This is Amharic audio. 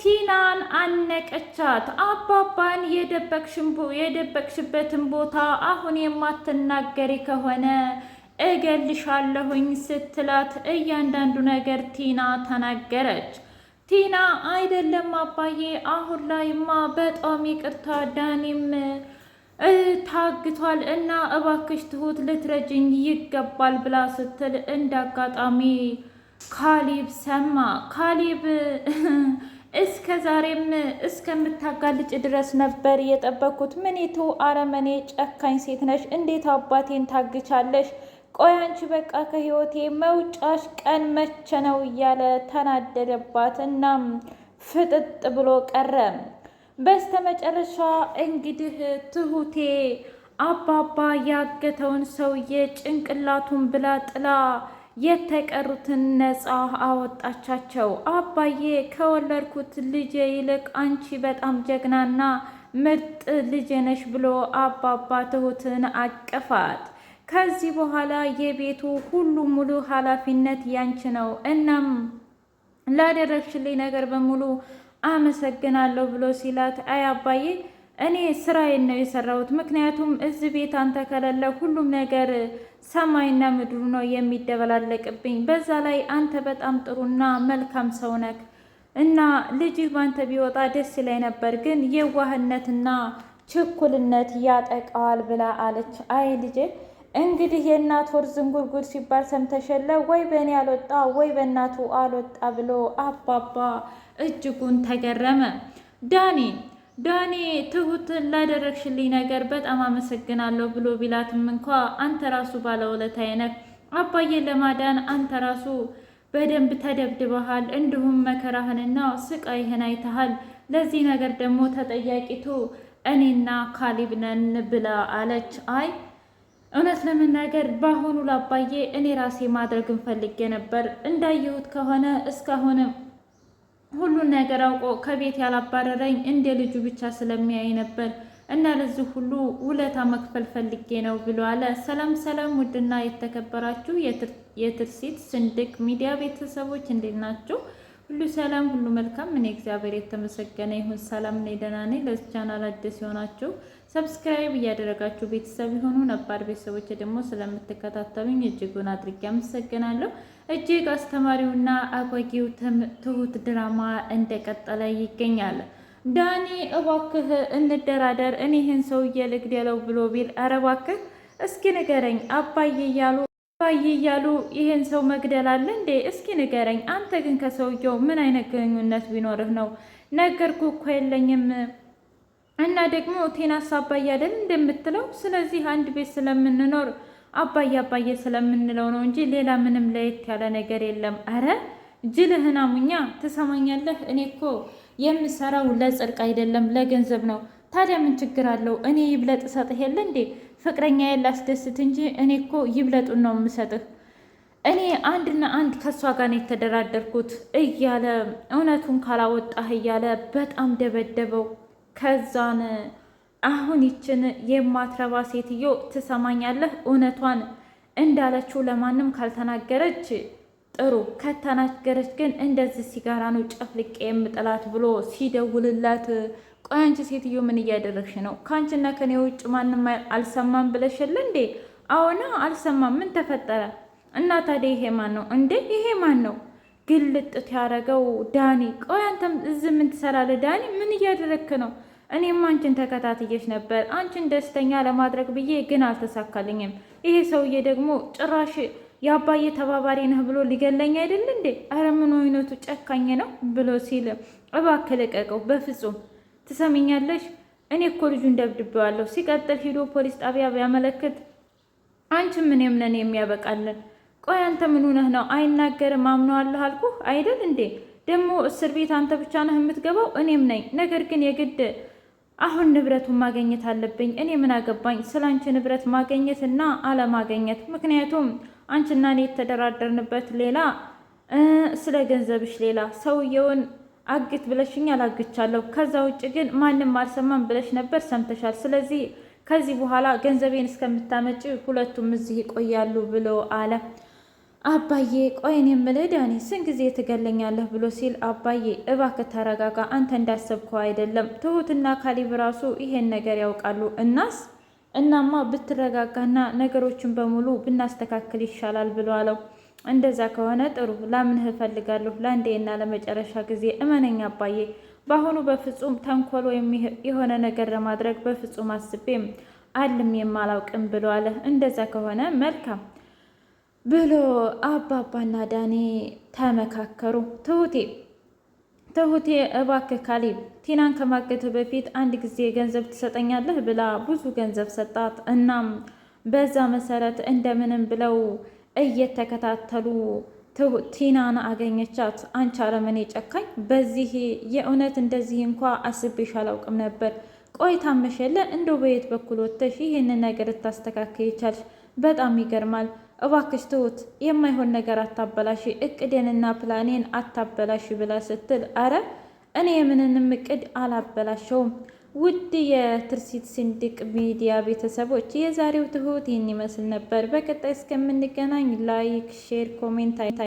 ቲናን አነቀቻት። አባባን የደበቅሽበትን ቦታ አሁን የማትናገሪ ከሆነ እገልሻለሁኝ ስትላት እያንዳንዱ ነገር ቲና ተናገረች። ቲና አይደለም አባዬ፣ አሁን ላይማ በጣም ይቅርታ ዳኒም ታግቷል እና እባክሽ ትሁት ልትረጅኝ ይገባል ብላ ስትል እንዳጋጣሚ ካሊብ ሰማ። ካሊብ እስከ ዛሬም እስከምታጋልጭ ድረስ ነበር የጠበኩት። ምኒቱ አረመኔ ጨካኝ ሴት ነሽ! እንዴት አባቴን ታግቻለሽ? ቆይ አንቺ በቃ ከህይወቴ መውጫሽ ቀን መቼ ነው? እያለ ተናደደባት። እናም ፍጥጥ ብሎ ቀረ። በስተመጨረሻ እንግዲህ ትሁቴ አባባ ያገተውን ሰውዬ ጭንቅላቱን ብላ ጥላ የተቀሩትን ነፃ አወጣቻቸው። አባዬ ከወለድኩት ልጄ ይልቅ አንቺ በጣም ጀግናና ምርጥ ልጄ ነሽ ብሎ አባባ ትሁትን አቀፋት። ከዚህ በኋላ የቤቱ ሁሉ ሙሉ ኃላፊነት ያንቺ ነው። እናም ላደረግሽልኝ ነገር በሙሉ አመሰግናለሁ ብሎ ሲላት አይ አባዬ እኔ ስራዬን ነው የሰራሁት። ምክንያቱም እዚህ ቤት አንተ ከሌለ ሁሉም ነገር ሰማይና ምድሩ ነው የሚደበላለቅብኝ። በዛ ላይ አንተ በጣም ጥሩና መልካም ሰው ነህ እና ልጅህ ባንተ ቢወጣ ደስ ይለኝ ነበር፣ ግን የዋህነትና ችኩልነት ያጠቃዋል ብላ አለች። አይ ልጄ እንግዲህ የእናት ወር ዝንጉርጉር ሲባል ሰምተሸለ ወይ በእኔ አልወጣ ወይ በእናቱ አልወጣ ብሎ አባባ እጅጉን ተገረመ ዳኒ ዳኒ ትሁት ላደረግሽልኝ ነገር በጣም አመሰግናለሁ ብሎ ቢላትም እንኳ አንተ ራሱ ባለውለታዬ ነህ። አባዬን ለማዳን አንተ ራሱ በደንብ ተደብድበሃል፣ እንዲሁም መከራህንና ስቃይህን አይተሃል። ለዚህ ነገር ደግሞ ተጠያቂቱ እኔና ካሊብነን ነን ብላ አለች። አይ እውነት ለመናገር በአሁኑ ላባዬ እኔ ራሴ ማድረግ እንፈልጌ ነበር። እንዳየሁት ከሆነ እስካሁንም ሁሉን ነገር አውቆ ከቤት ያላባረረኝ እንደ ልጁ ብቻ ስለሚያይ ነበር እና ለዚህ ሁሉ ውለታ መክፈል ፈልጌ ነው ብሎ አለ። ሰላም ሰላም! ውድና የተከበራችሁ የትርሲት ስንድቅ ሚዲያ ቤተሰቦች እንዴት ናችሁ? ሁሉ ሰላም፣ ሁሉ መልካም። እኔ እግዚአብሔር የተመሰገነ ይሁን ሰላም ነኝ፣ ደህና ነኝ። ለዚህ ቻናል አዲስ የሆናችሁ ሰብስክራይብ እያደረጋችሁ ቤተሰብ የሆኑ ነባር ቤተሰቦች ደግሞ ስለምትከታተሉኝ እጅጉን አድርጌ አመሰግናለሁ። እጅግ አስተማሪውና አጓጊው ትሁት ድራማ እንደቀጠለ ይገኛል። ዳኒ እባክህ እንደራደር፣ እኔ ይህን ሰውዬ ልግደለው ብሎ ቢል ኧረ እባክህ እስኪ ንገረኝ አባዬ እያሉ አባዬ እያሉ ይህን ሰው መግደል አለ እንዴ? እስኪ ንገረኝ። አንተ ግን ከሰውየው ምን አይነት ግንኙነት ቢኖርህ ነው? ነገርኩ እኮ የለኝም እና ደግሞ ቴናስ አባዬ አይደል እንደምትለው። ስለዚህ አንድ ቤት ስለምንኖር አባዬ አባዬ ስለምንለው ነው እንጂ ሌላ ምንም ለየት ያለ ነገር የለም። አረ ጅልህን አሙኛ ትሰማኛለህ? እኔ እኮ የምሰራው ለጽድቅ አይደለም ለገንዘብ ነው። ታዲያ ምን ችግር አለው? እኔ ይብለጥ እሰጥህ የለ እንዴ? ፍቅረኛ አስደስት እንጂ እኔ እኮ ይብለጡን ነው የምሰጥህ። እኔ አንድና አንድ ከእሷ ጋር ነው የተደራደርኩት እያለ እውነቱን ካላወጣህ እያለ በጣም ደበደበው። ከዛን አሁን ይችን የማትረባ ሴትዮ ትሰማኛለህ? እውነቷን እንዳለችው ለማንም ካልተናገረች ጥሩ፣ ከተናገረች ግን እንደዚህ ሲጋራ ነው ጨፍልቄ የምጥላት ብሎ ሲደውልላት፣ ቆይ አንቺ ሴትዮ ምን እያደረግሽ ነው? ከአንቺና ከኔ ውጭ ማንም አልሰማም ብለሽል እንዴ? አዎና አልሰማም። ምን ተፈጠረ? እና ታዲያ ይሄ ማን ነው እንዴ? ይሄ ማን ነው ግልጥት ያደረገው? ዳኒ። ቆይ አንተም እዚህ ምን ትሰራለህ ዳኒ? ምን እያደረግክ ነው? እኔም አንቺን ተከታትየሽ ነበር አንቺን ደስተኛ ለማድረግ ብዬ ግን አልተሳካልኝም። ይሄ ሰውዬ ደግሞ ጭራሽ የአባዬ ተባባሪ ነህ ብሎ ሊገለኝ አይደል እንዴ? አረ ምን አይነቱ ጨካኝ ነው ብሎ ሲል እባክህ ልቀቀው፣ በፍጹም ትሰምኛለሽ? እኔ እኮ ልጁን ደብድቤዋለሁ። ሲቀጥል ሂዶ ፖሊስ ጣቢያ ቢያመለክት አንቺም እኔም ነን የሚያበቃልን? ቆይ አንተ ምን ሆነህ ነው? አይናገርም አምነዋለሁ አልኩህ አይደል እንዴ? ደግሞ እስር ቤት አንተ ብቻ ነህ የምትገባው፣ እኔም ነኝ። ነገር ግን የግድ አሁን ንብረቱን ማግኘት አለብኝ። እኔ ምን አገባኝ ስለ አንቺ ንብረት ማግኘትና አለማግኘት። ምክንያቱም አንቺና እኔ የተደራደርንበት ሌላ፣ ስለ ገንዘብሽ ሌላ። ሰውየውን አግት ብለሽኝ አላግቻለሁ። ከዛ ውጭ ግን ማንም አልሰማም ብለሽ ነበር፣ ሰምተሻል። ስለዚህ ከዚህ በኋላ ገንዘቤን እስከምታመጪ ሁለቱም እዚህ ይቆያሉ ብሎ አለ። አባዬ ቆይን እኔ የምልህ ዳኒ ስንት ጊዜ ትገለኛለህ ብሎ ሲል አባዬ እባክህ ተረጋጋ፣ አንተ እንዳሰብከው አይደለም። ትሁትና ካሊብ ራሱ ይሄን ነገር ያውቃሉ። እናስ እናማ ብትረጋጋና ነገሮችን በሙሉ ብናስተካክል ይሻላል ብሎ አለው። እንደዛ ከሆነ ጥሩ ላምንህ እፈልጋለሁ። ለአንዴና ለመጨረሻ ጊዜ እመነኝ አባዬ። በአሁኑ በፍጹም ተንኮል ወይም የሆነ ነገር ለማድረግ በፍጹም አስቤም አልም የማላውቅም ብሎ አለ። እንደዛ ከሆነ መልካም ብሎ አባባና ዳኔ ተመካከሩ። ትሁቴ ትሁቴ እባክህ ካሌብ ቲናን ከማገተ በፊት አንድ ጊዜ ገንዘብ ትሰጠኛለህ ብላ ብዙ ገንዘብ ሰጣት። እናም በዛ መሰረት እንደምንም ብለው እየተከታተሉ ቲናን አገኘቻት። አንቺ አረመኔ ጨካኝ፣ በዚህ የእውነት እንደዚህ እንኳ አስቤሽ አላውቅም ነበር። ቆይ ታመሸለ እንደው በየት በኩል ወጥተሽ ይህንን ነገር ልታስተካከይ ይቻልሽ? በጣም ይገርማል። እባክሽ ትሁት የማይሆን ነገር አታበላሽ፣ እቅዴንና ፕላኔን አታበላሽ ብላ ስትል አረ እኔ የምንንም እቅድ አላበላሸውም። ውድ የትርሲት ሲንዲቅ ሚዲያ ቤተሰቦች የዛሬው ትሁት ይህን ይመስል ነበር። በቀጣይ እስከምንገናኝ ላይክ፣ ሼር፣ ኮሜንት